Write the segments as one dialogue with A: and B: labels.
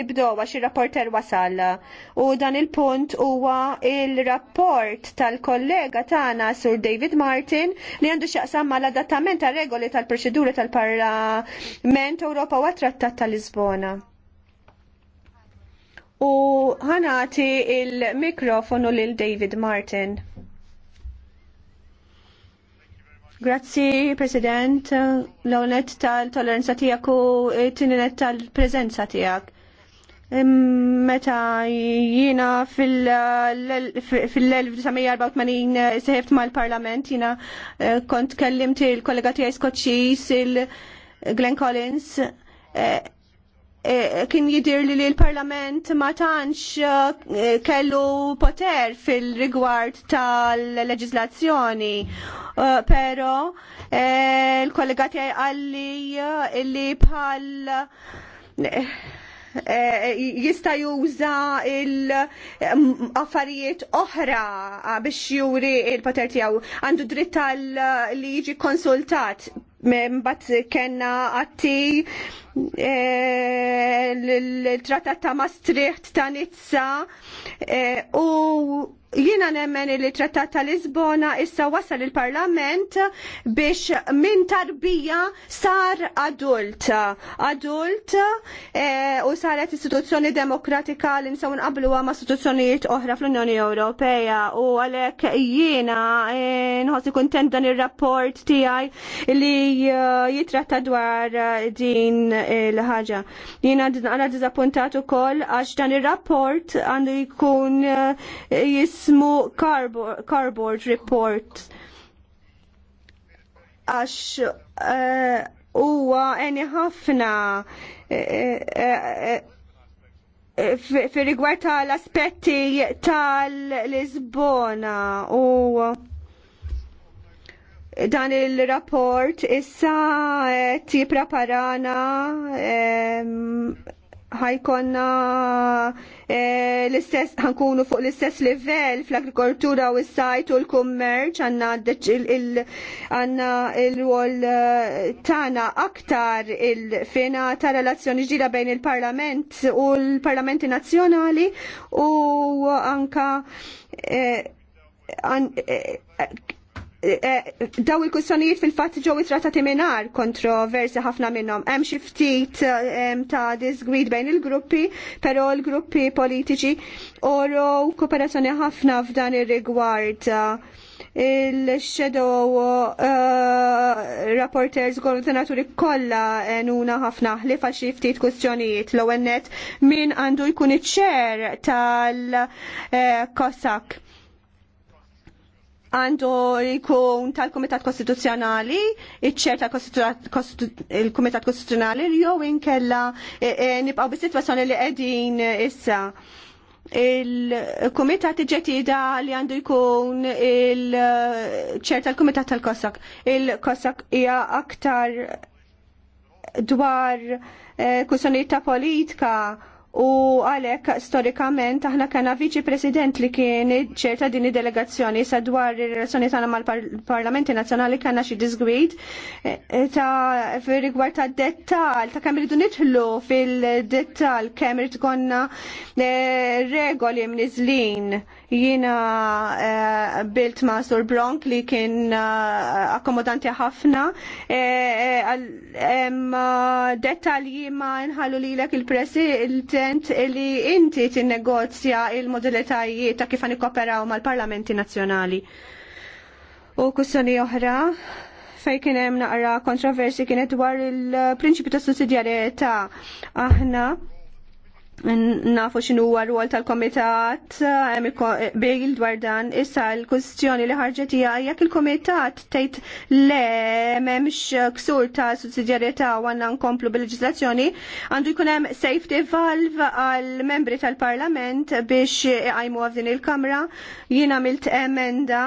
A: Nibdow għax il-rapporter wasal u dan il-punt huwa il-rapport tal-kollega tagħna Sur David Martin li għandu x'jaqsam mal-adattament tar regoli tal-proċeduri tal-Parlament Ewropa u trattat tal-Lisbona. U ħanati il-mikrofonu lil David Martin. Grazzi, President, l-onet tal-toleranza tijak u t-tininet tal-prezenza tijak meta jiena fil-1984 seħeft mal-parlament jina eh, kont kellimt il-kollega tiegħi Skoċċis il-Glenn Collins eh, eh, kien jidir li l-Parlament ma tantx kellu poter fil-rigward tal-leġislazzjoni. Pero l-kollega tiegħi għalli li bħal Eh, jista juża l-affarijiet oħra biex juri il-poter tiegħu għandu dritt tal li jiġi konsultat mbagħad kellna għatti eh, l-trattat ta' Maastricht ta' Nizza eh, u Jiena nemmen li trattat ta' Lisbona issa wasal il-Parlament biex minn tarbija sar adult. Adult e, u saret istituzzjoni demokratika li nsaw qablu ma' istituzzjonijiet oħra fl-Unjoni Ewropea u għalek jiena e, nħossi kontent dan il-rapport tiegħi li e, jitratta dwar din il ħagġa Jiena għala dizappuntat ukoll għax dan il-rapport għandu jkun jis jismu Cardboard Report għax eh, huwa uh, eni ħafna eh, eh, fi rigward tal-aspetti tal-Lisbona u dan il-rapport issa ti preparana ħajkonna eh, l-istess ħankunu fuq l-istess livell fl-agrikoltura u s-sajt u l-kummerċ għanna għanna il wol eh, tana aktar il-fina ta' relazzjoni ġdida bejn il-parlament u l-parlamenti nazjonali u anka eh, Eh, daw il-kussjonijiet fil-fatt ġew trattati minar kontroversi ħafna minnhom. Hemm xi ftit eh, ta' disgwid bejn il-gruppi, però l-gruppi politiċi orow kooperazzjoni ħafna f'dan ir-rigward il-shadow uh, rapporters koordinaturi kolla nuna ħafna ħlifa' xi ftit kwistjonijiet l ewwel net min għandu jkun iċ-ċer tal-Kosak għandu jkun tal-Kumitat Kostituzzjonali, iċ-ċer tal-Kumitat Kostituzzjonali, jew inkella e, e, nibqgħu bis situazzjoni li qegħdin issa il kumitat ġetida li għandu jkun il-ċerta kumitat tal-Kossak. Il-Kossak hija aktar dwar eh, kussjonijiet ta' politika u għalek storikament aħna kena viċi president li kien ċerta dini delegazzjoni dwar il-relazzjoni tagħna mal-Parlamenti Nazzjonali kena xi disgwid eh, eh, ta' rigward ta' dettal ta' kemm iridu nidħlu fil-dettal kemm irid konna eh, regoli mniżlin Jiena eh, bilt ma' Sur Bronk li kien eh, akkomodanti ħafna. Hemm eh, dettalji ma' nħallu lilek il il-tent li inti tinnegozja il-modalitajiet ta' kif ma' mal-parlamenti nazzjonali. U kussoni oħra fej kien hemm naqra kontroversi kienet dwar il-prinċipju ta' sussidjarjetà aħna nafu xinu huwa rwol tal-komitat bil dwar dan issa l-kustjoni li ħarġet hija jekk il-komitat tgħid le memx ksur ta' sussidjarjetà u għandna nkomplu bil-leġislazzjoni għandu jkun hemm safety valve għal membri tal-Parlament biex iqajmu f'din il-Kamra jina milt emenda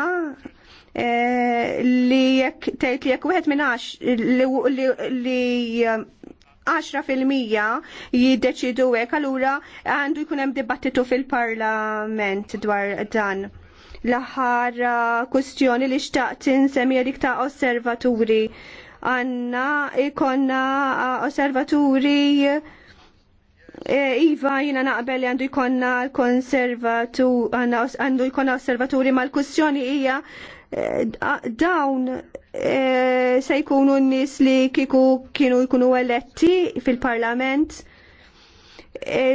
A: eh, li jek tgħid li jekk wieħed minn li 10% jiddeċidu hekk allura għandu jkun hemm dibattitu fil-Parlament dwar dan. L-aħħar uh, kustjoni li xtaqt insemmi dik ta' osservaturi għanna ikonna uh, osservaturi uh, Iva, jina naqbel għandu jkonna konservatu, għandu jkonna osservaturi mal-kussjoni hija dawn E, se jkunu n-nis li kiku kienu jkunu eletti fil-parlament. E,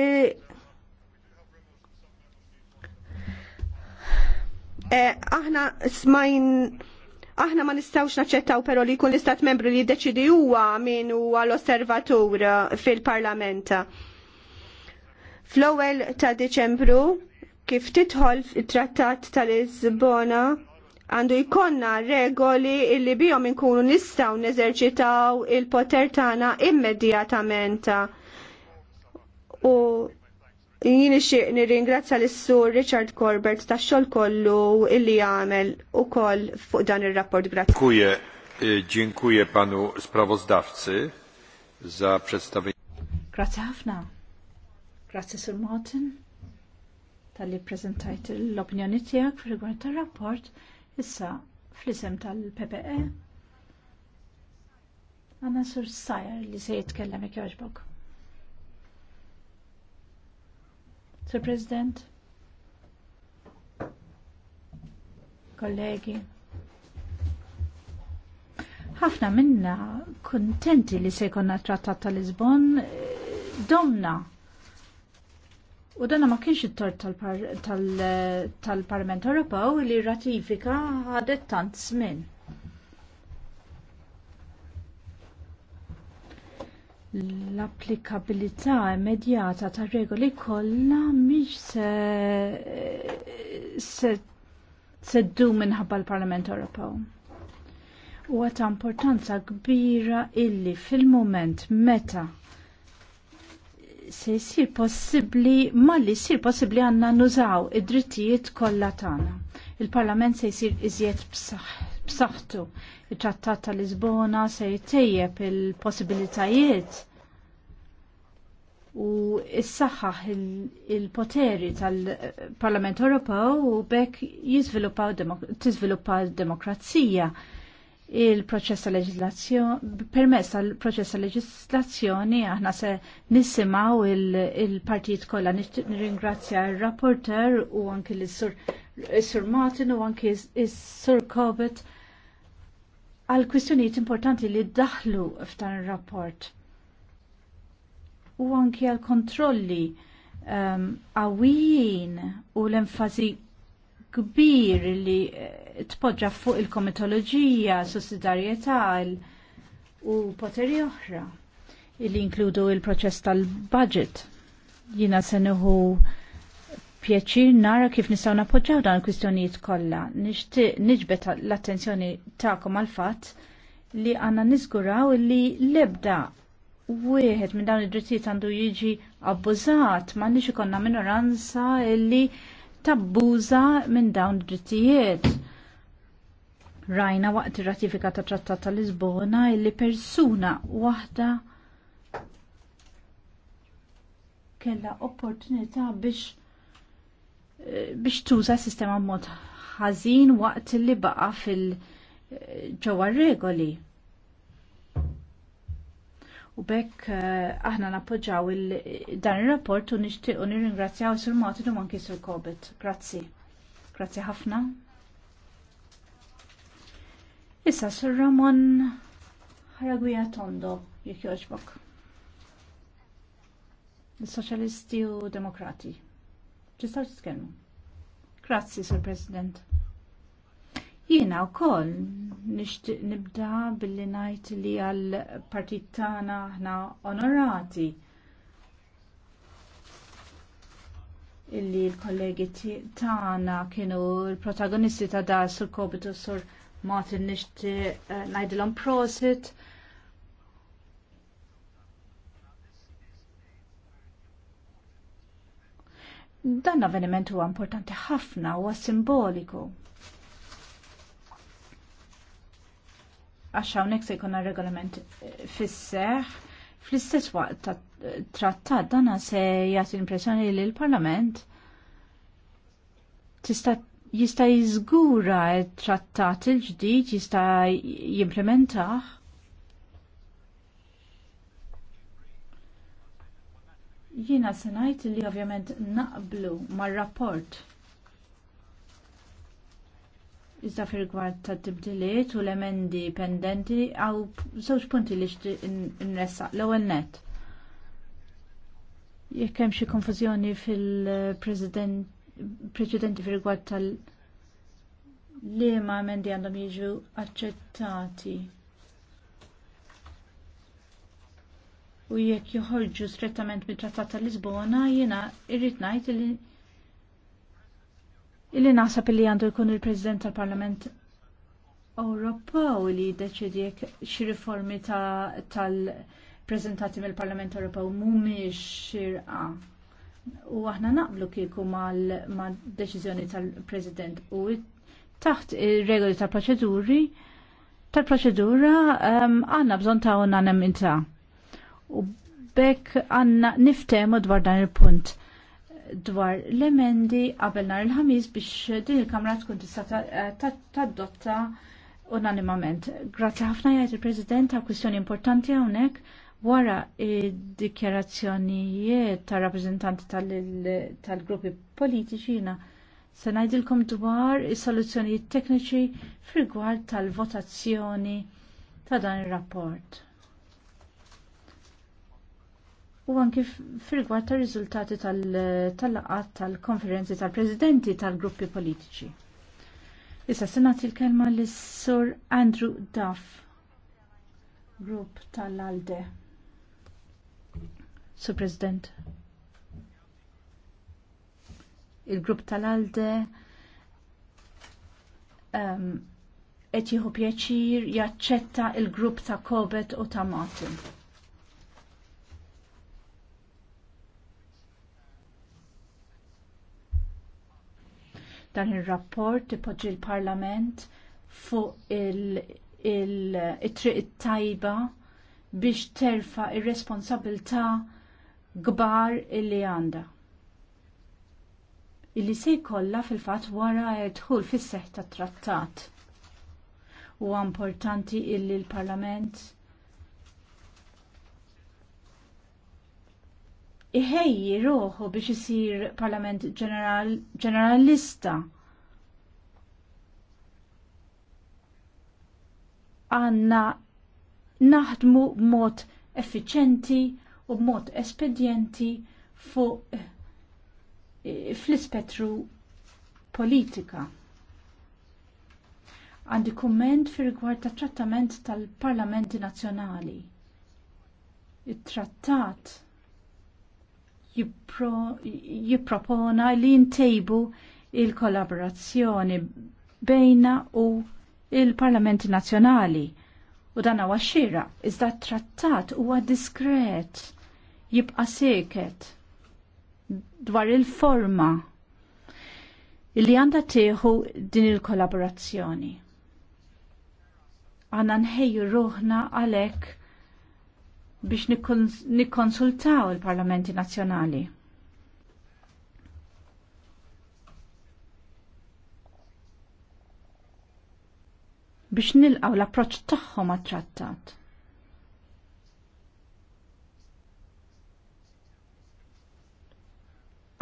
A: e, aħna smajn aħna ma nistawx naċċettaw però li kun l-istat membru li deċidi huwa min huwa l-osservatur fil-parlament. Fl-ewwel ta' Diċembru kif titħol it-Trattat tal-Lisbona għandu jkonna regoli illi bijom inkunu nistaw neżerċitaw il-poter tagħna immedjatament. U jini xieq nirringrazzja l-sur Richard Corbett ta' xol kollu illi għamel u koll fuq dan il-rapport. grazzi. Dziękuję,
B: e, dziękuję panu sprawozdawcy za przedstawienie.
A: Grazie ħafna.
C: Grazie sur Martin tal-li prezentajt l-opinjoni tijak fil-gwant rapport Issa, fl-isem tal-PPE, għanna sur sajr li se jitkellem ik joġbok. Sir President, kollegi, ħafna minna kontenti li se jkonna trattat tal-Lisbon domna U dana ma kienx it-tort tal-Parlament Ewropew li ratifika għadet tant żmien. L-applikabilità immedjata tar regoli kollha mhix se seddu minħabba l-Parlament Ewropew. Huwa ta' importanza kbira illi fil mument meta se jsir possibbli malli jsir possibbli għandna nużaw id-drittijiet kollha tagħna. Il-Parlament se jsir iżjed b'saħħtu. Il-Trattat ta' Lisbona se jtejjeb il-possibilitajiet u s-saħħaħ il-poteri tal-Parlament Ewropew u bekk jiżviluppaw demokrazija il-proċess leġislazzjoni, permess għal-proċess leġislazzjoni, aħna se nisimaw il-partijiet kollha nirringrazzja il-rapporter u anki l-sur Martin u anki l-sur Kobet. għal kwistjonijiet importanti li daħlu f'dan ir-rapport. U anki għal kontrolli ehm, għawijin um, u l-enfazi kbir li eh, tpoġġa fuq il-komitoloġija, sussidjarjetà u poteri oħra li inkludu il-proċess tal-budget. Jina se neħu pjaċir nara kif nistgħu nappoġġaw dan il-kwistjonijiet kollha. Nixtieq niġbet l-attenzjoni tagħkom għal fatt li għandna niżguraw li l-ebda wieħed minn dawn id-drittijiet għandu jiġi abbużat, m'għandniex ikollna minoranza li tabbuża minn dawn id-drittijiet. Rajna waqt ir-ratifika ta' Trattat ta' Lisbona illi persuna waħda kella opportunità biex eh, biex tuża s-sistema mod ħażin waqt li baqa fil eh, ġewwa regoli. U bekk eh, aħna nappoġġaw dan ir-rapport u nixtieq u nirringrazzjaw Sur Martin u anki Sur Kobet. Grazzi. Grazzi ħafna. Issa Sur Ramon Ħaragwija Tondo jekk jogħġbok. Is-Soċjalisti u Demokrati. Ġistgħu titkellmu. Grazzi, Sur President. Jiena wkoll nixtieq nibda billi ngħid li għal partit tagħna aħna onorati illi l-kollegi tagħna kienu l-protagonisti ta' dar sur kobitu sur Martin nixti uh, eh, ngħidilhom prosit. Dan l avveniment huwa importanti ħafna huwa simboliku. għax hawnhekk se jkun regolament fis-seħ. Fl-istess waqt ta' trattat dana se jagħti l-impressjoni li l-Parlament tista' jista' jiżgura t-trattat il-ġdid jista' jimplementah Jiena se ngħid li ovvjament naqblu mar-rapport Iżda fi rigward ta' tibdiliet u l-emendi pendenti għaw żewġ punti li nressa l-ewwel net. Jekk hemm xi konfużjoni fil-preċedenti fi rigward tal- li ma emendi għandhom jiġu aċċettati. U jekk joħorġu strettament mit-Trattat tal-Lisbona jiena irrid ngħid li illi naħseb illi għandu jkun il-President tal-Parlament Ewropew li jiddeċidi jekk xi riformi tal-preżentati mill-Parlament Ewropew mhumiex xirqa. U aħna naqblu kieku mal-deċiżjoni tal-President u taħt ir-regoli tal-proċeduri tal-proċedura ehm, għandna bżonn ta' unanimità. U bekk għandna niftehmu dwar dan il-punt dwar l-emendi qabel nhar il-ħamis biex din il-Kamra tkun tista' eh, tadotta unanimament. Grazzi ħafna jgħid il-President ta' kwistjoni importanti hawnhekk wara id-dikjarazzjonijiet ta' rappreżentanti tal-gruppi politiċi jina se ngħidilkom dwar is-soluzzjonijiet tekniċi f'rigward tal-votazzjoni ta' dan ir-rapport u anki fil-gwar ta' riżultati tal-laqat tal-konferenzi tal-prezidenti tal-gruppi politiċi. Issa senat il-kelma l-Sur Andrew Duff, grupp tal-ALDE. Sur President. Il-grupp tal-ALDE eċiħu ehm, pieċir jieħu pjaċir jaċċetta il-grupp ta' Kobet u ta' Martin. Dan ir-rapport ipoġġi l-Parlament fuq il-triq tajba biex terfa ir-responsabilità kbar illi għandha. Illi se jkollha fil-fatt wara dħul fis-seħħ tat-trattat. Huwa importanti illi l-Parlament il parlament iħejji ruħu biex isir parlament ġeneralista. Għanna naħdmu b'mod effiċenti u b'mod espedjenti fuq eh, fl-ispettru politika. Għandi kumment fi rigward ta' trattament tal-parlamenti nazzjonali. Il-trattat jippropona li jintejbu il-kollaborazzjoni bejna u il-Parlamenti Nazzjonali. U dan huwa xira, iżda trattat huwa diskret, jibqa' seket dwar il-forma li għandha tieħu din il-kollaborazzjoni. Għandna nħejju ruħna għalhekk biex nikkonsultaw il-Parlamenti Nazzjonali. biex nilqaw l-approċ tagħhom għat-trattat.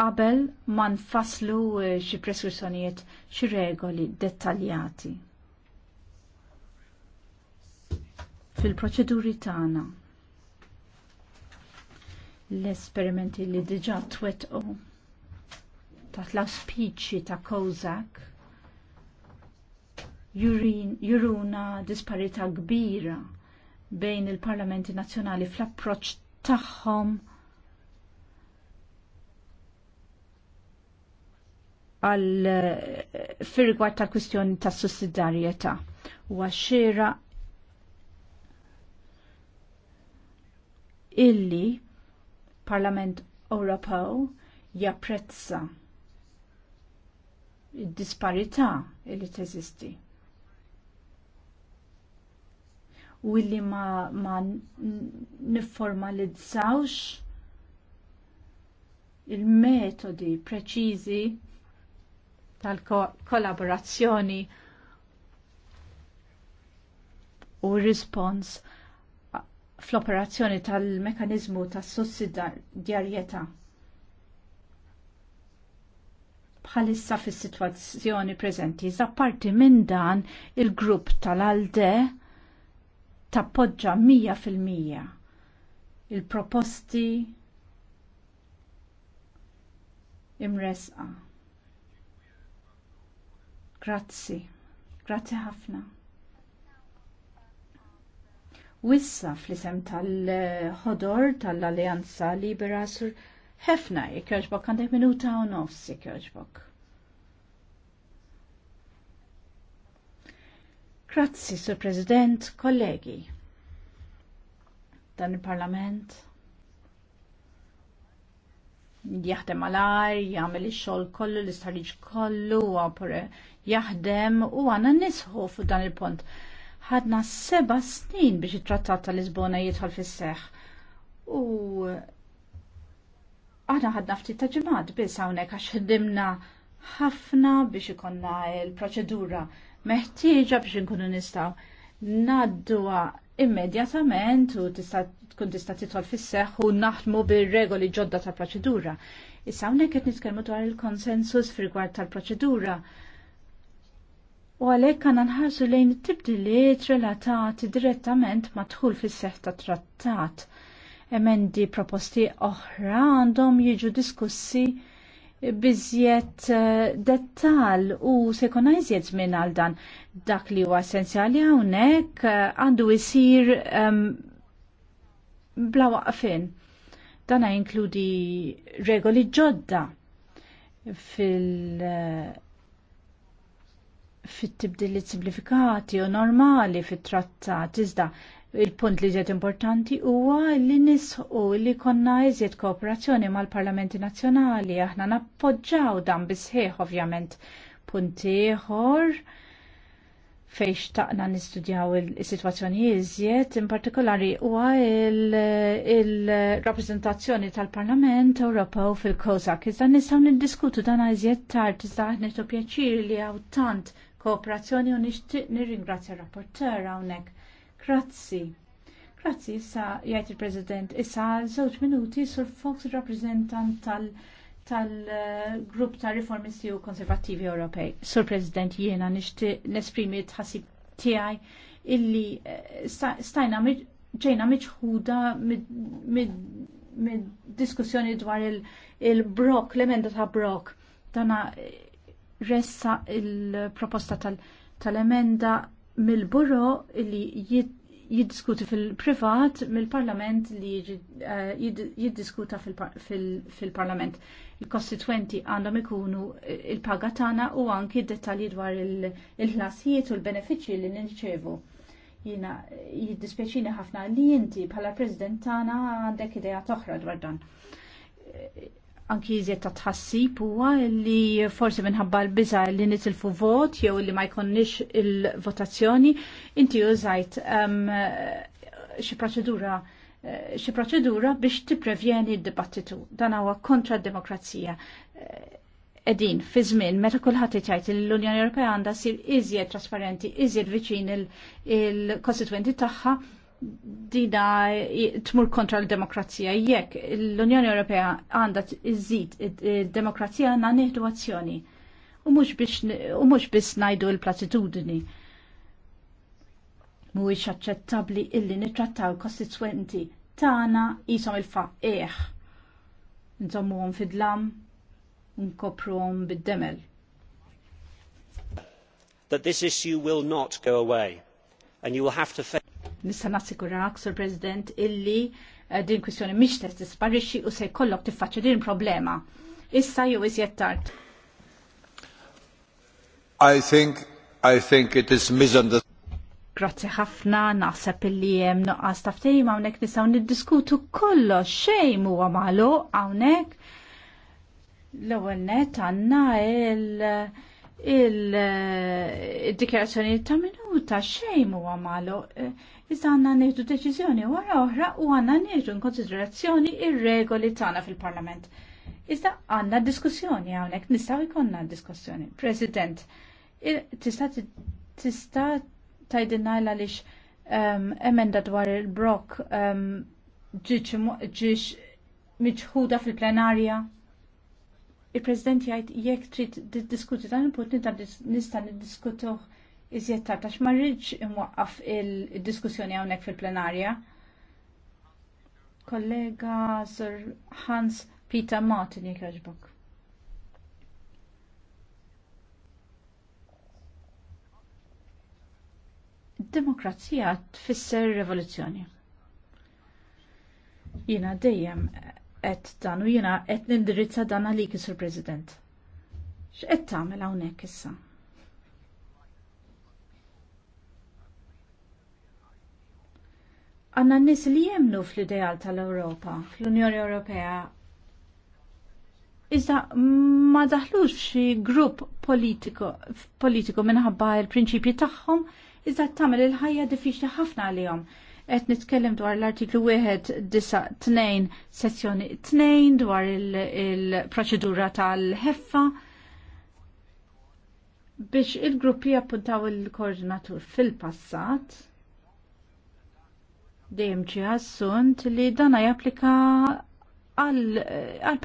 C: Qabel ma nfasslu eh, xi preskrizzjonijiet xi regoli dettaljati fil-proċeduri tagħna l-esperimenti li diġa twettqu. taħt l-auspiċi ta' Kozak juruna disparità kbira bejn il-parlamenti nazzjonali fl-approċ tagħhom għal eh, firgwar ta' kwistjoni ta' sussidjarjetà u għaxxira illi parlament Ewropew japprezza id-disparità li teżisti. U li ma, ma nifformalizzawx il-metodi preċiżi tal-kollaborazzjoni u rispons fl-operazzjoni tal-mekanizmu tas sussidjarjetà bħalissa fis sitwazzjoni preżenti. Zapparti minn dan il-grupp tal-ALDE tappoġġa 100% il-proposti imresqa. Grazzi, grazzi ħafna. Wissa fl-isem tal-ħodor tal-Alleanza Libera sur ħefna ikkerġbok għandek minuta u nofs ikkerġbok. Grazzi, Sur President, kollegi. Dan il-Parlament jaħdem għal għar jagħmel xol xogħol kollu, l istarriġ kollu, jaħdem u għandna nisħu fuq dan il-pont ħadna seba snin biex it-trattat ta' Lisbona jidħol fis-seħ. U aħna ħadna ftit ta' ġimgħat biss hawnhekk għax ħdimna ħafna biex ikonna l-proċedura meħtieġa biex inkunu nistgħu nadduha immedjatament u tista' tkun tista' titħol fis-seħħ u naħdmu bir-regoli ġodda tal-proċedura. Issa hawnhekk qed nitkellmu dwar il-konsensus fil-rigward tal-proċedura u għalhekk għandna nħarsu lejn it-tibdiliet relatati direttament ma' dħul fis-seħħ ta' trattat. Emendi proposti oħra għandhom jiġu diskussi biżjed eh, dettal u se jkun iżjed żmien għal dan dak li huwa essenzjali hawnhekk eh, għandu jisir um, ehm, bla waqfin. Dana jinkludi regoli ġodda fil- uh, fit tibdiliet simplifikati u normali fit-trattat iżda il-punt li ġiet importanti huwa li nisħu li konna iżjed kooperazzjoni mal-Parlamenti Nazzjonali aħna nappoġġaw dan bisħieħ ovvjament punt ieħor fejn xtaqna nistudjaw is-sitwazzjoni iżjed, in partikolari huwa il-rappreżentazzjoni tal-Parlament Ewropew fil kosak Iżda nistgħu niddiskutu dan iżjed tard iżda neħtu pjaċir li hawn tant kooperazzjoni u nixtieq nirringrazzja r-rapporteur hawnhekk. Grazzi. Grazzi, issa jgħid il-President, issa żewġ minuti sur Fox rappreżentant tal- tal-grupp ta' riformisti u konservativi Ewropej. Sur President, jiena nixtieq nesprimi tħassib tiegħi illi eh, stajna ġejna miċħuda mid-diskussjoni dwar il-Brok, l-emenda ta' Brok. Dana eh, ressa il-proposta tal-emenda tal mill-buro li jiddiskuti fil-privat mill-parlament li eh, jiddiskuta fil-parlament. Il-kostituenti għandhom ikunu il-paga tagħna u anki dettalji dwar il-ħlasijiet u l-benefiċċji li nirċevu. Jina jiddispjaċini ħafna li inti bħala president tagħna għandek idea toħra dwar dan anki jizjet ta' tħassib huwa li forsi minħabba l biza li nitilfu vot jew li ma jkonniex il-votazzjoni, inti użajt um, xi proċedura eh, xi proċedura biex tipprevjeni d-dibattitu. Dan huwa kontra d-demokrazija. Eh, edin, fi żmien meta kulħadd jgħid li l-Unjoni Ewropea għandha ssir iżjed trasparenti, iżjed viċin il-kostitwenti tagħha, dina tmur kontra l-demokrazija. Jekk l-Unjoni Ewropea għandha iżid id demokrazija għandha nieħdu azzjoni. U mhux biss ngħidu l platitudni Mhuwiex aċċettabbli illi nittrattaw il-kostitwenti tagħna qishom il-faqqieħ. Nżommuhom fid-dlam, nkopruhom bid-demel.
A: That this issue will not go away and you will have to face
C: nista' nassigurak, Sur President, illi eh, din kwistjoni mhix test tisparixxi u se jkollok tiffaċċa din problema. Issa ju iżjed tard.
A: I think I think it is misunderstood.
C: Grazzi ħafna, naħseb illi hemm noqqas taftejim għawnek hawnhekk nistgħu niddiskutu kollox xejn huwa għamalu hawnhekk. L-ewwel net għandna il- il-dikjarazzjoni ta' minuta xejn huwa għamalu. Iżda għandna nieħdu deċiżjoni wara oħra u għandna nieħdu konsiderazzjoni ir-regoli tagħna fil-Parlament. Iżda għandna diskussjoni hawnhekk nistgħu jkollna diskussjoni. President, tista' tista' tgħidilna għaliex ehm, emenda dwar il-brok ehm, ġiex miċħuda fil-plenarja? il-President jgħid jekk trid diskuti dan il-punt nista' niddiskutuh iżjed tard għax ma rridx imwaqqaf il-diskussjoni hawnhekk fil-plenarja. Kollega Sir Hans Peter Martin jekk jogħġbok. Demokrazija tfisser rivoluzzjoni. Jiena dejjem qed dan u jiena qed nindirizza dan għalik Sur President. X'qed tagħmel hawnhekk issa? Għanna n-nis li jemnu fl-ideal tal-Europa, fl-Unjoni Ewropea, iżda ma daħlux xi grupp politiko, politiko minħabba il-prinċipji tagħhom, iżda tagħmel il-ħajja diffiċli ħafna għalihom Et nitkellem dwar l-artiklu 1.9 sessjoni 2 dwar il-proċedura il tal-ħeffa biex il-gruppi appuntaw il-koordinatur fil-passat dejjem ġi assunt li dana japplika għal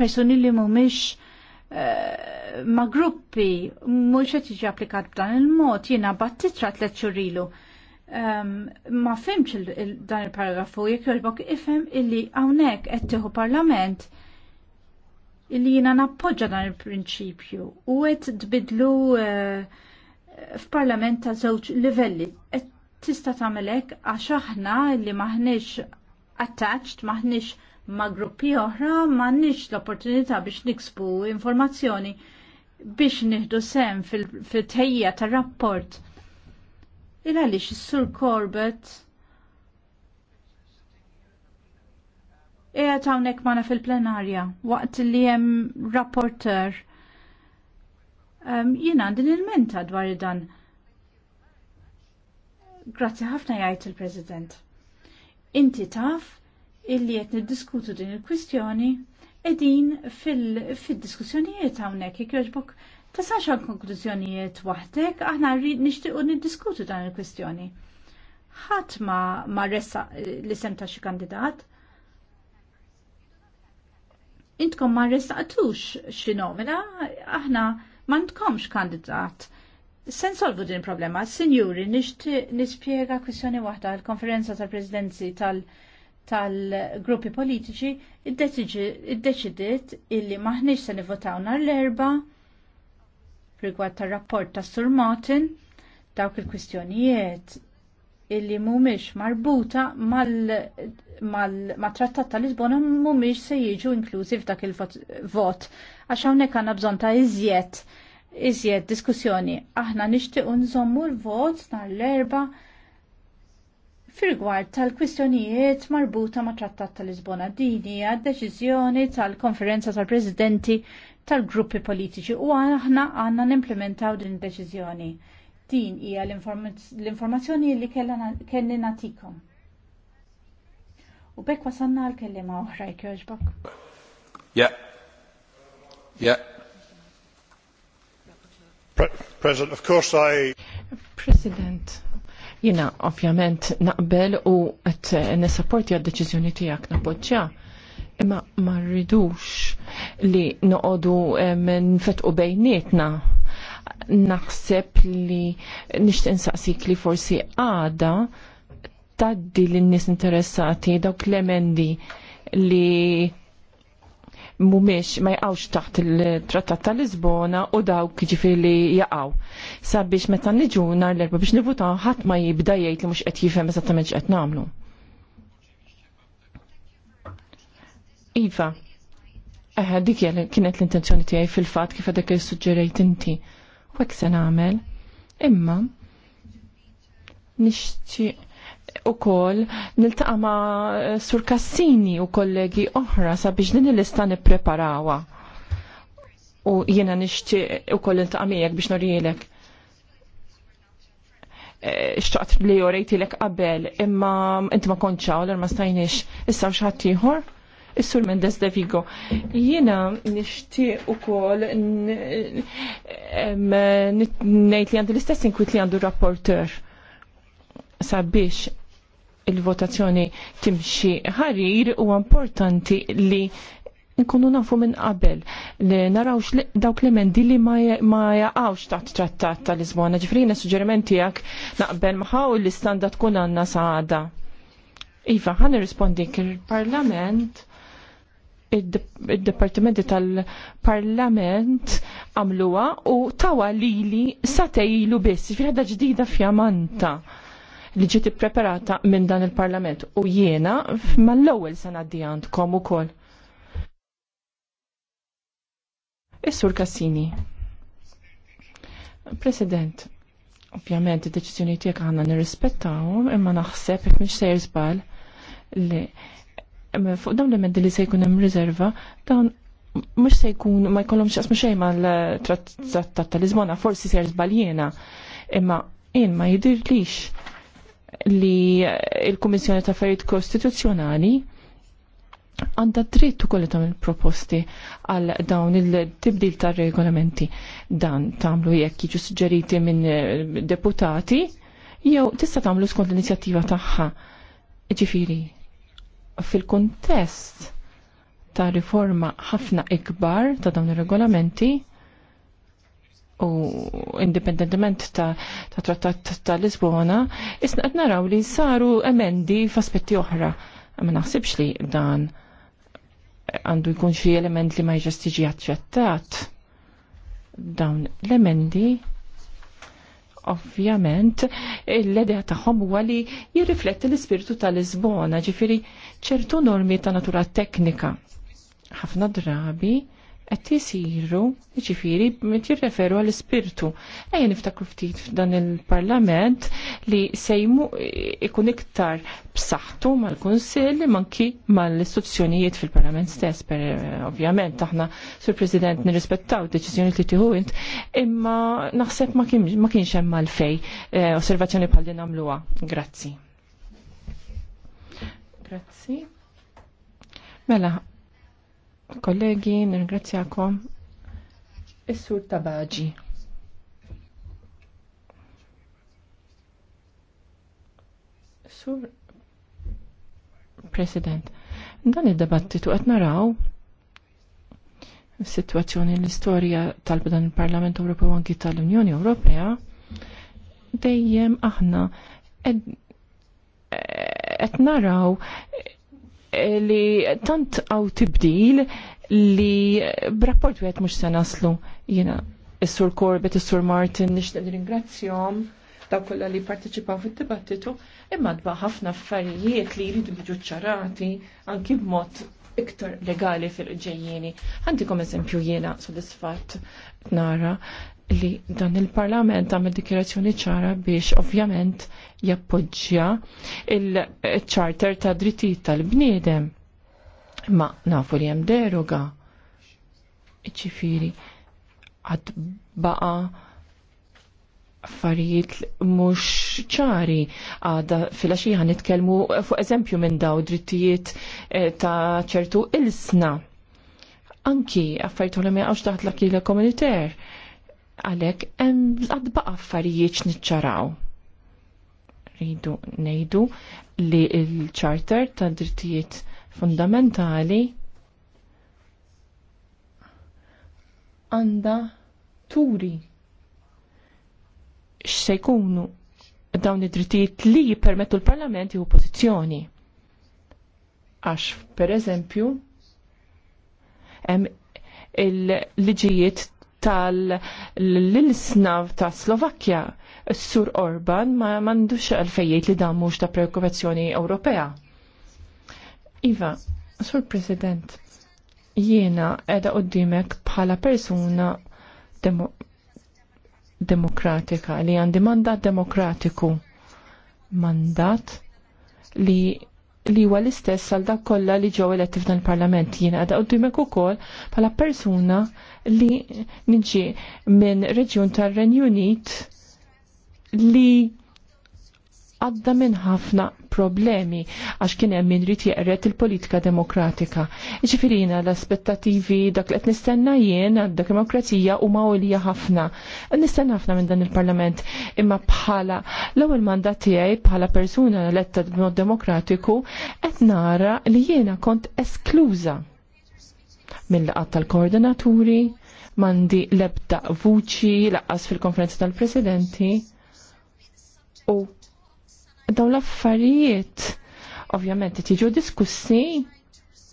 C: persuni li mhumiex uh, ma gruppi mhux qed jiġi applikat b'dan il-mod jiena battitra tliet xurilu. ilu Um, ma fimx il il dan il-paragrafu jekk jogħġbok ifhem illi hawnhekk qed tieħu parlament illi jina nappoġġa dan il-prinċipju u qed tbidlu eh, f'parlament ta' żewġ livelli. Qed tista' tagħmelek għax aħna li maħniex attached, maħniex ma' gruppi oħra, m'għandniex l-opportunità biex niksbu informazzjoni biex nieħdu sem fil-tejja tar rapport il għaliex is-Sur Corbett Eħet hawnhekk mana fil-plenarja waqt li hemm rapporter. Um, jien għandin il-menta dwar dan. Grazzi ħafna jgħid il-President. Inti taf illi qed niddiskutu din il-kwistjoni edin fil-diskussjonijiet fil hawnhekk jekk jogħġbok tasax għal konklużjonijiet waħtek, aħna rrid nixtiequ niddiskutu dan il-kwistjoni. Ħadd ma ma ressa l-isem ta' xi kandidat. Intkom ma ressaqtux xi nomina, aħna m'għandkomx kandidat. Se nsolvu din il-problema, sinjuri, nixtieq nispjega kwistjoni waħda l-konferenza tal-Presidenzi tal-, -presidenzi tal tal gruppi politiċi id-deċidiet illi maħniġ se nivotaw nar l-erba rigward tar rapport ta' Sur Martin dawk il-kwistjonijiet illi mhumiex marbuta mal-trattat ta' Lisbona mhumiex se jiġu inklużi f'dak il-vot għax hawnhekk għandna bżonn ta' iżjed iżjed diskussjoni. Aħna nixtiequ nżommu l-vot nhar l-erba' Fil-gwart tal-kwistjonijiet marbuta ma' trattat tal-Lisbona dini għad deċiżjoni tal-konferenza tal-Presidenti tal-gruppi politiċi u aħna għanna nimplementaw din id-deċiżjoni. Din hija l-informazzjoni li kelli natikom. U bekk wasanna għal-kellima oħra jkjoġbok.
A: Ja. Ja. President, of course I...
B: President, jina ovvjament naqbel u għet nesapporti għad deċizjoni tijak napoġġa, imma ma rridux li noqogħdu nfetqu bejnietna naħseb li nixtieq insaqsik li forsi għada taddi lin-nies interessati dawk l-emendi li mumiex ma jgħawx taħt il-trattat tal Lisbona u dawk ġifiri li jgħaw. Sabiex meta niġu nar l-erba biex nivuta ħadd ma jibda jgħid li mhux qed jifhem eżattament x'qed namlu. Iva, Eħe, eh, dik kienet l-intenzjoni tiegħi fil-fatt kif għadek li suġġerejt inti. U hekk se nagħmel. Imma nixtieq ukoll niltaqa' ma' Sur Kassini u kollegi oħra sabiex din il-lista nippreparawha. U jiena nixtieq ukoll niltaqa' miegħek biex norijilek eh, xtaqt li jorejtilek qabel imma inti ma konċaw l ma stajniex issa xaħat ieħor? Is-Sur Mendes de Vigo. Jiena nixtieq ukoll ngħid li għandi l-istess inkwit li għandu rapporter sabiex il-votazzjoni timxi ħarir u importanti li nkunu nafu minn qabel li narawx dawk l-emendi li ma jaqawx taħt trattat ta' Lisbona. Ġifrina suġġerimenti għak naqbel maħaw li standa tkun għanna saħda. Iva, ħan rispondi il-parlament id-departimenti tal-parlament għamluwa u tawa lili satejlu biss, ħada ġdida fjamanta li ġiet preparata minn dan il-parlament u jiena mal-ewwel sena di għandkom ukoll. Is-Sur Cassini. President, ovvjament id-deċiżjoni tiegħek għandna nirrispettaw, imma naħseb jekk mhix sejr żball li fuq dawn l-emendi li se jkun hemm riserva, dawn mhux se jkun ma jkollhom x'qasmu xejn mal-Trattat ta' Lisbona, forsi ser żbaljena, imma jien ma jidirlix li il-Kummissjoni ta' Affarijiet Kostituzzjonali għanda dritt ukoll tam il-proposti għal dawn il-tibdil ta' regolamenti dan tagħmlu jekk jiġu suġġeriti minn eh, deputati jew tista' tagħmlu skont l-inizjattiva tagħha. Ġifiri, fil-kuntest ta' riforma ħafna ikbar ta' dawn ir-regolamenti u indipendentement ta', ta trattat ta' Lisbona, isna qed naraw li saru emendi f'aspetti oħra. Ma naħsibx li dan għandu jkun xi element li ma jġastiġi aċċettat. Dawn l-emendi ovvjament l edja tagħhom huwa li jirrifletti l-ispirtu tal-Lisbona, ġifiri ċertu normi ta' natura teknika. Ħafna drabi qed isiru, jiġifieri qed jirreferu għall ispirtu Ejja niftakru ftit f'dan il-Parlament li sejmu ikun iktar b'saħħtu mal-Kunsill li manki mal-istituzzjonijiet fil-Parlament stess, per ovvjament aħna sur President nirrispettaw deċiżjoni li tieħu int, imma naħseb ma kienx hemm malfej eh, osservazzjoni bħal din nagħmluha. Grazzi. Grazzi. Mela, Kollegi, nirgrazzjakom. Is-sur Tabaġi. Sur President, dan id-debattitu qed naraw situazzjoni l-istorja tal bidan il-Parlament Ewropew anki tal-Unjoni Ewropea dejjem aħna qed naraw li tant għaw tibdil li b'rapport wieħed mhux se naslu jiena s sur Corbett, is-Sur Martin nixtieq ringrazzjom da kollha li parteċipaw fid-dibattitu, imma dba ħafna affarijiet li jridu jiġu ċarati anki b'mod iktar legali fil ġejjini Għandikom eżempju jiena sodisfatt nara li dan il-parlament għamil dikjerazzjoni ċara biex ovvjament jappoġġja il-ċarter ta' drittijiet tal-bniedem. Ma nafu li hemm deroga. Ċifiri, għad baqa affarijiet mhux ċari għada fil-axija nitkellmu fuq eżempju minn daw drittijiet eh, ta' ċertu ilsna. Anki affarijiet li ma jaqgħux taħt l-akil komuniter għalhekk hemm għadba affarijiet niċċaraw. Rridu ngħidu li l-Charter ta' drittijiet fundamentali għanda turi x'se jkunu dawn id-drittijiet li jippermettu l-Parlament jew pożizzjoni. Għax, per eżempju, hemm il-liġijiet tal-lisna ta' Slovakkja. Sur Orban ma mandux għalfejjiet li dammux mhux ta' preokkupazzjoni Ewropea. Iva, Sur President, jiena edha qoddimek bħala persuna demo demokratika li għandi mandat demokratiku. Mandat li li huwa l-istess għal dak kollha li ġew eletti f'dan il-Parlament jiena qed qudiemek ukoll bħala persuna li niġi minn reġjun tar-Renju Unit li għadda minn ħafna problemi għax kien hemm min rid jeqret il-politika demokratika. Ġifirina l-aspettativi dak li qed nistenna jien għad-demokrazija huma għolija ħafna. Nistenna ħafna minn dan il-Parlament imma bħala l-ewwel mandat tiegħi bħala persuna eletta b'mod demokratiku qed nara li jiena kont eskluża mill-laqat tal-koordinaturi, mandi lebda vuċi laqqas fil-konferenza tal-presidenti u Dawn l-affarijiet ovvjament tiġu diskussi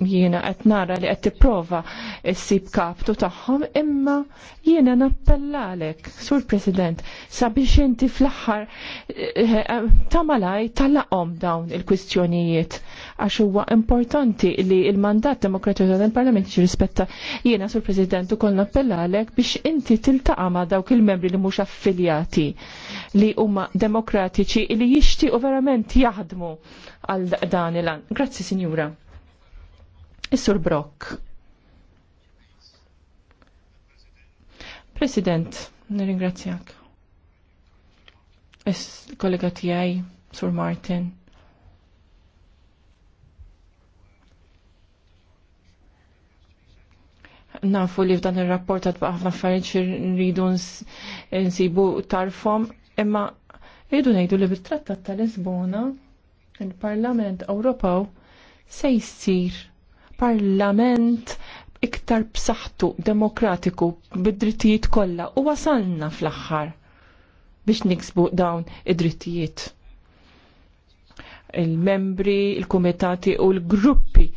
B: jiena qed nara li qed tipprova ssib kaptu tagħhom imma jiena nappellalek, Sur President, sabiex inti fl-aħħar eh, eh, tamalaj talaqhom dawn il-kwistjonijiet għax huwa importanti li il-mandat demokratiku tal-Parlament jirrispetta jiena Sur President ukoll nappellalek biex inti tiltaqa' ma' dawk il-membri li mhux affiljati li huma demokratiċi li jixtiequ verament jaħdmu għal dan il-an. Grazzi, Sinjura. Is-Sur Brock. President, nirringrazzjak. Is-kollega tiegħi, Sur Martin. Nafu li f'dan ir-rapport għad ħafna affarijiet rridu nsibu tarfom, imma rridu ngħidu li bit-Trattat ta' Lisbona il-Parlament Ewropew se jsir parlament iktar b'saħħtu demokratiku bid-drittijiet kollha u wasalna fl-aħħar biex niksbu dawn id-drittijiet. Il-membri, il-kumitati u l-gruppi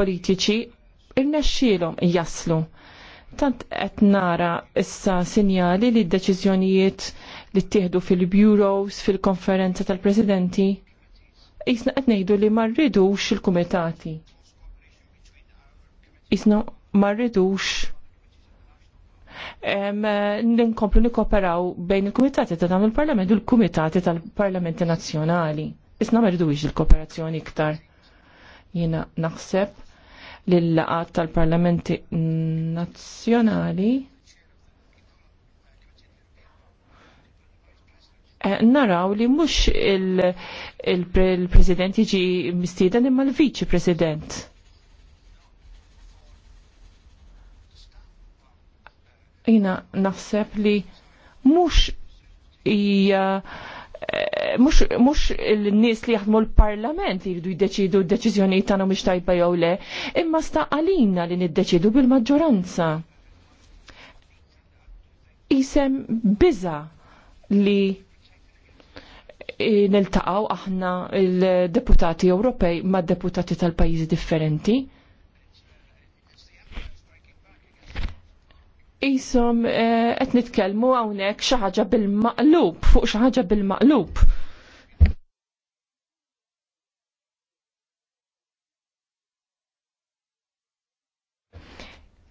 B: politiċi irnexxielhom jaslu. Tant qed nara issa sinjali li d-deċiżjonijiet li ttieħdu fil-bureaus, fil-konferenza tal-presidenti, jisna qed ngħidu li ma rridux il-kumitati jisna marridux ninkomplu nikoperaw bejn il-Kumitati ta' dam il-Parlament u l-Kumitati tal-Parlamenti Nazzjonali. Isna marridux il-kooperazzjoni iktar. Jina naħseb l-laqat tal-Parlamenti Nazzjonali eh, naraw li mux il-President jiġi mistieden imma l-Viċi President Jina naħseb li mux ija eh, mux, mux il-nis li jaħdmu l-parlament li jridu jiddeċidu d-deċizjoni tagħna mhux tajba jew le, imma sta għalina li niddeċidu bil-maġġoranza. Isem biża li eh, niltaqaw aħna il-deputati Ewropej ma' deputati tal-pajjiżi differenti. Isom eh, qed nitkellmu hawnhekk xi ħaġa bil-maqlub fuq xi ħaġa bil-maqlub.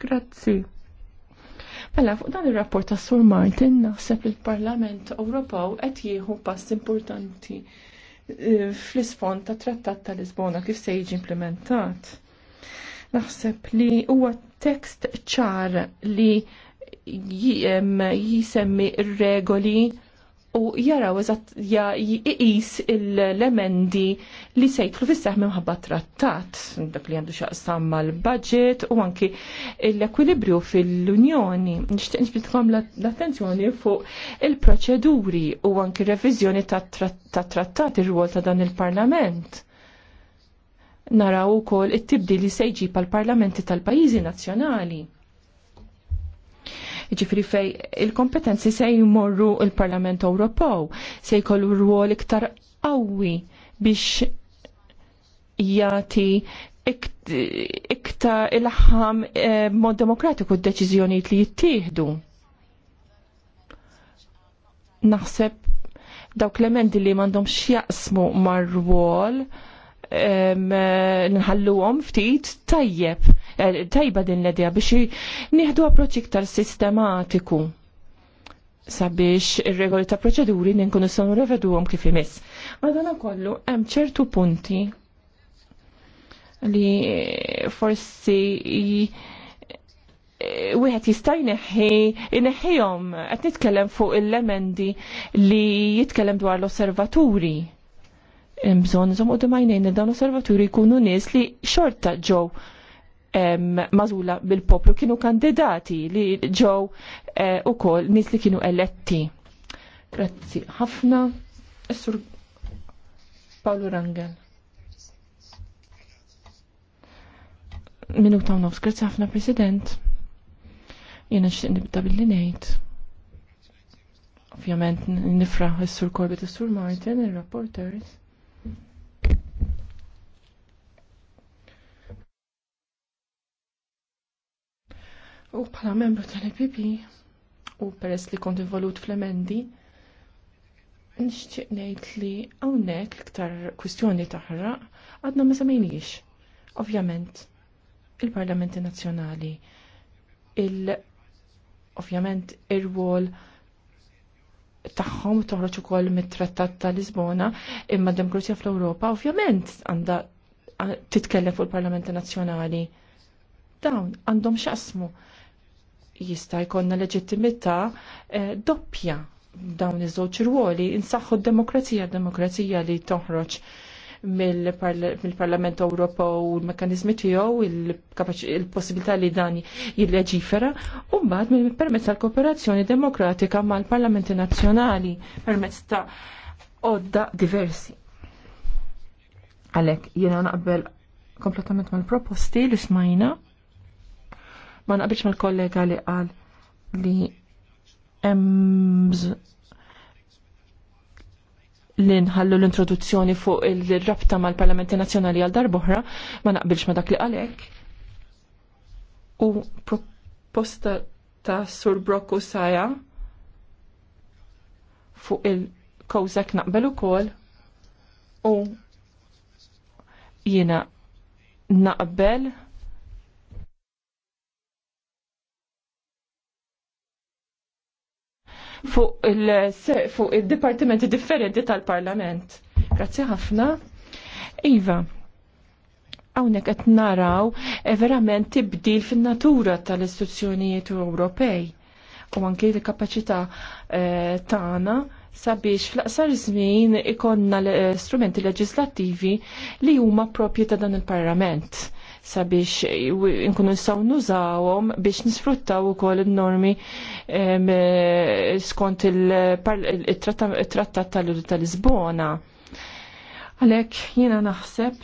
B: Grazzi. Mela, fuq dan ir-rapport ta' Sur Martin naħseb li l-Parlament Ewropew qed jieħu pass importanti eh, fl-isfond ta' Trattat ta' Lisbona kif se jiġi implementat Naħseb li huwa tekst ċar li jisemmi regoli u jaraw eżatt jqis l-emendi li sejtlu fis-seħ minħabba trattat dak li għandu xaqsam mal-budget u anki l ekwilibru fil-Unjoni. Nixtieq nixbitkom l-attenzjoni fuq il-proċeduri u anki reviżjoni tat trattati ir-rwol ta' dan il-Parlament naraw ukoll it-tibdi li se jġib għal parlamenti tal-pajjiżi nazzjonali. Ġifri fej il-kompetenzi se jmorru il-Parlament Ewropew, se jkollu rwol iktar qawwi biex jati iktar il-ħam eh, mod demokratiku d deċiżjonijiet li jittieħdu. Naħseb dawk l-emendi li m'għandhomx jaqsmu mar-rwol nħalluhom ftit tajjeb, eh, tajba din l-edja biex nieħdu approċċ iktar sistematiku sabiex ir-regoli ta' proċeduri ninkunu sonu għom kif imiss. Madonna kollu hemm ċertu punti li forsi wieħed jista' jneħħi jneħħihom qed nitkellem fuq il-lemendi li jitkellem dwar l-osservaturi bżon nżom u d-majnejn dawn osservaturi jkunu nies li xorta ġew mażula bil-poplu kienu kandidati li ġew eh, u kol nis li kienu eletti. Grazzi ħafna. Essur Paolo Rangel. Minuta u nofs, grazzi ħafna President. Jena xtiq nibda billi ngħid. Ovvjament nifra is-Sur Corbett sur Martin, il rapporters U bħala membru tal-EPP u peress li kont involut fl-emendi, nixtieq ngħid li hawnhekk l-iktar kwistjoni taħraq għadna ma semejniex. Ovvjament, il-Parlamenti Nazzjonali, il ovvjament ir-wol tagħhom toħroġ ukoll mit-Trattat ta' Lisbona, imma d-Demokrazija fl-Ewropa ovvjament għandha titkellem fuq il-Parlamenti Nazzjonali. Dawn għandhom x'asmu jista' jkollna leġittimità eh, doppja dawn iż-żewġ ruoli insaħħu d-demokrazija, demokrazija li toħroġ mill-Parlament Ewropew u l-mekkanizmi tiegħu il-possibilità li dan jilleġifera u mbagħad permezz tal-kooperazzjoni demokratika mal-Parlamenti Nazzjonali permezz ta' odda diversi. Għalhekk jiena naqbel kompletament mal-proposti li smajna Ma naqbilx l kollega li qal li emz li nħallu l-introduzzjoni fuq il-rabta mal-Parlamenti Nazzjonali għal darboħra, ma naqbilx ma dak li għalek. U proposta ta' Sur Brokku Saja fuq il kowzak naqbel ukoll u jiena naqbel fuq il-dipartimenti differenti tal-Parlament. Grazzi ħafna. Iva, għawnek qed naraw e verament tibdil fin-natura tal-istituzzjonijiet Ewropej u anke l-kapaċità e, tagħna sabiex fl-aqsar żmien ikonna l-strumenti leġislattivi li huma propji ta' dan il-Parlament sabiex nkunu nistgħu nużawhom biex nisfruttaw ukoll in-normi skont il-trattat tal-Lisbona. Għalhekk jiena naħseb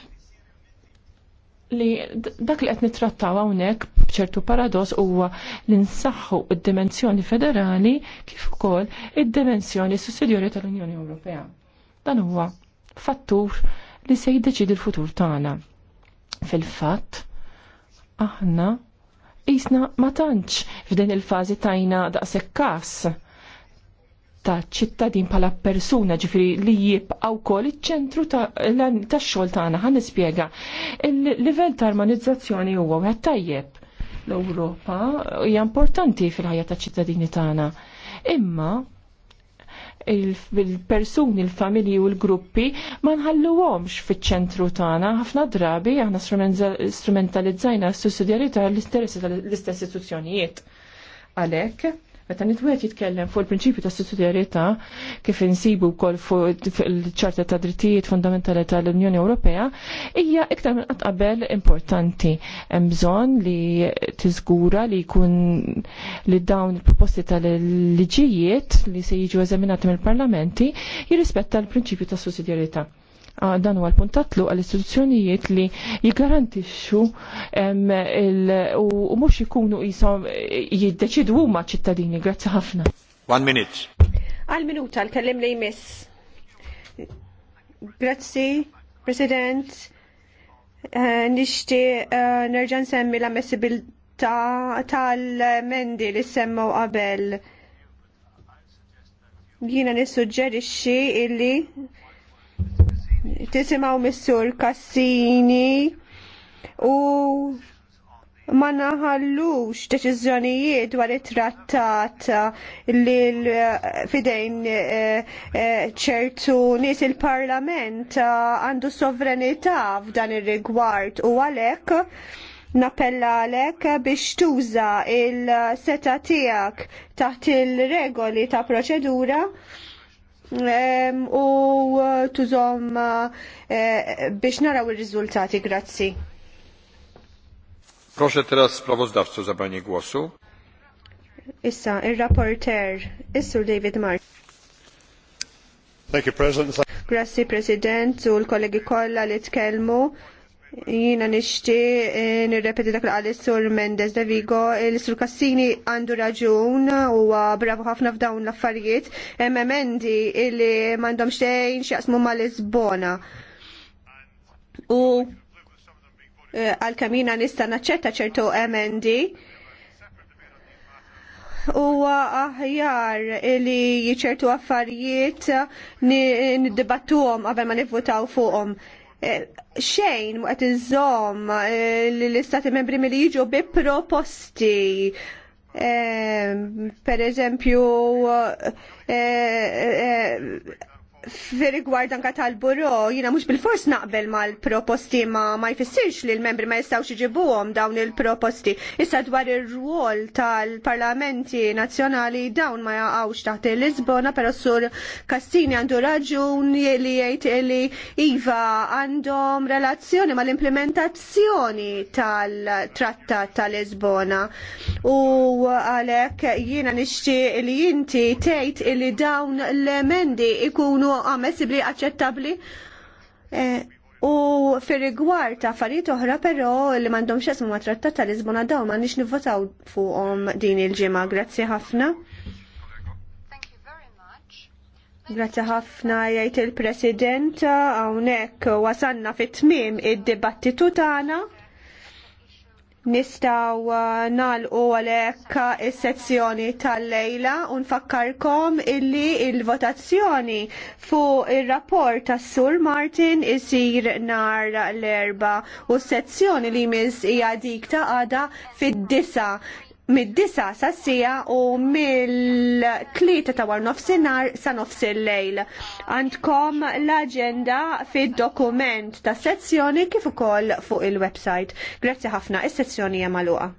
B: li dak li qed nittrattaw hawnhekk b'ċertu paradoss huwa li nsaħħu id-dimensjoni federali kif ukoll id-dimensjoni sussidjarja tal-Unjoni Ewropea. Dan huwa fattur li se jiddeċidi l-futur tagħna. Fil-fatt, aħna jisna ma tantx f'din il-fażi tajna daqshekk każ ta' ċittadin pala persuna ġifri li jibqaw kol iċ-ċentru ta' xol ta' għana ħan nispiega. Il-level ta' armonizzazzjoni huwa wieħed. tajjeb l-Europa hija importanti fil-ħajja ta' ċittadini tagħna. Imma il-persuni, il-familji u l-gruppi ma nħalluhomx fiċ-ċentru tagħna ħafna drabi aħna strumentalizzajna s-sussidjarità l-istess istituzzjonijiet. Għalhekk Meta nitwet jitkellem fuq il-prinċipju ta' sussidjarjetà kif insibu wkoll fuq il-ċarta ta' drittijiet fundamentali tal-Unjoni Ewropea, hija iktar minn qatt qabel importanti. Hemm bżonn li tiżgura li jkun li dawn il-proposti tal-liġijiet li se jiġu eżaminati mill-parlamenti jirrispetta l-prinċipju ta' sussidjarjetà Ah, dan huwa l-punt għall-istituzzjonijiet li jiggarantixxu u mhux ikunu jisom jiddeċidu huma ċittadini. Grazzi ħafna.
A: One minute. Għal minuta l-kellim li jmiss. Grazzi, President. Eh, nixti eh, nerġa' nsemmi l-ammessibilità tal-mendi li semmu qabel. Jiena nissuġġerixxi illi tisimaw missur Cassini u ma naħallux deċiżjonijiet dwar it-trattat li eh, fidejn eh, eh, ċertu nies il-parlament għandu sovranità f'dan ir-rigward u għalhekk nappella għalhekk biex tuża il-seta tiegħek taħt il-regoli ta' proċedura u uh, tużom uh, eh, biex naraw il-riżultati. Grazzi.
B: Proszę teraz sprawozdawcę o zabranie głosu.
A: Issa, il-rapporter, Issu David Mark. Thank you, President. Grazie, President, u l-kollegi kolla li tkellmu. Jina nishti eh, nirrepeti dak l sur Mendez de Vigo, il sur Cassini għandu raġun u bravo ħafna f'dawn l-affarijiet, emmemendi illi mandom xejn xjaqsmu ma Lisbona. U eh, għal-kamina nista naċċetta ċertu emendi huwa aħjar li ċertu affarijiet niddibattuhom qabel ma nivvutaw fuqhom. Eh, xejn waqt iż-żomm eh, l-istati membri milli jiġu bi proposti eh, per eżempju Fir-rigward anka tal-buro, jina mux bil-fors naqbel mal-proposti ma ma jfissirx li l-membri ma jistawx iġibuhom dawn il-proposti. Issa dwar ir ruol tal-parlamenti nazzjonali dawn ma jaqgħux taħt il-Lisbona, però sur Kassini għandu raġun li jgħid li iva għandhom relazzjoni mal-implementazzjoni tal-trattat tal-Lisbona. U għalhekk jiena nixtieq li inti tgħid li dawn l-emendi ikunu ammessibli aċċettabli. E, u fir rigward ta' affarijiet oħra però li m'għandhomx xesmu ma' trattat ta' Lisbona daw m'għandniex nivvotaw fuqhom din il-ġimgħa. Grazzi ħafna. Grazzi ħafna jgħid il-President hawnhekk wasanna fit-tmiem id-dibattitu tagħna. Nistaw uh, nalqu għalek is-sezzjoni tal-lejla unfakkarkom illi il-votazzjoni fuq il-rapport tas Sur Martin isir nar l-erba u s-sezzjoni li mis hija dik ta' għada fid-disa mid-disa sassija u mill-tlieta ta' war nofsinhar sa' nofs lejl Għandkom l-aġenda fid-dokument ta' sezzjoni kif ukoll fuq il-website. Grazzi ħafna, is-sezzjoni hija magħluqa.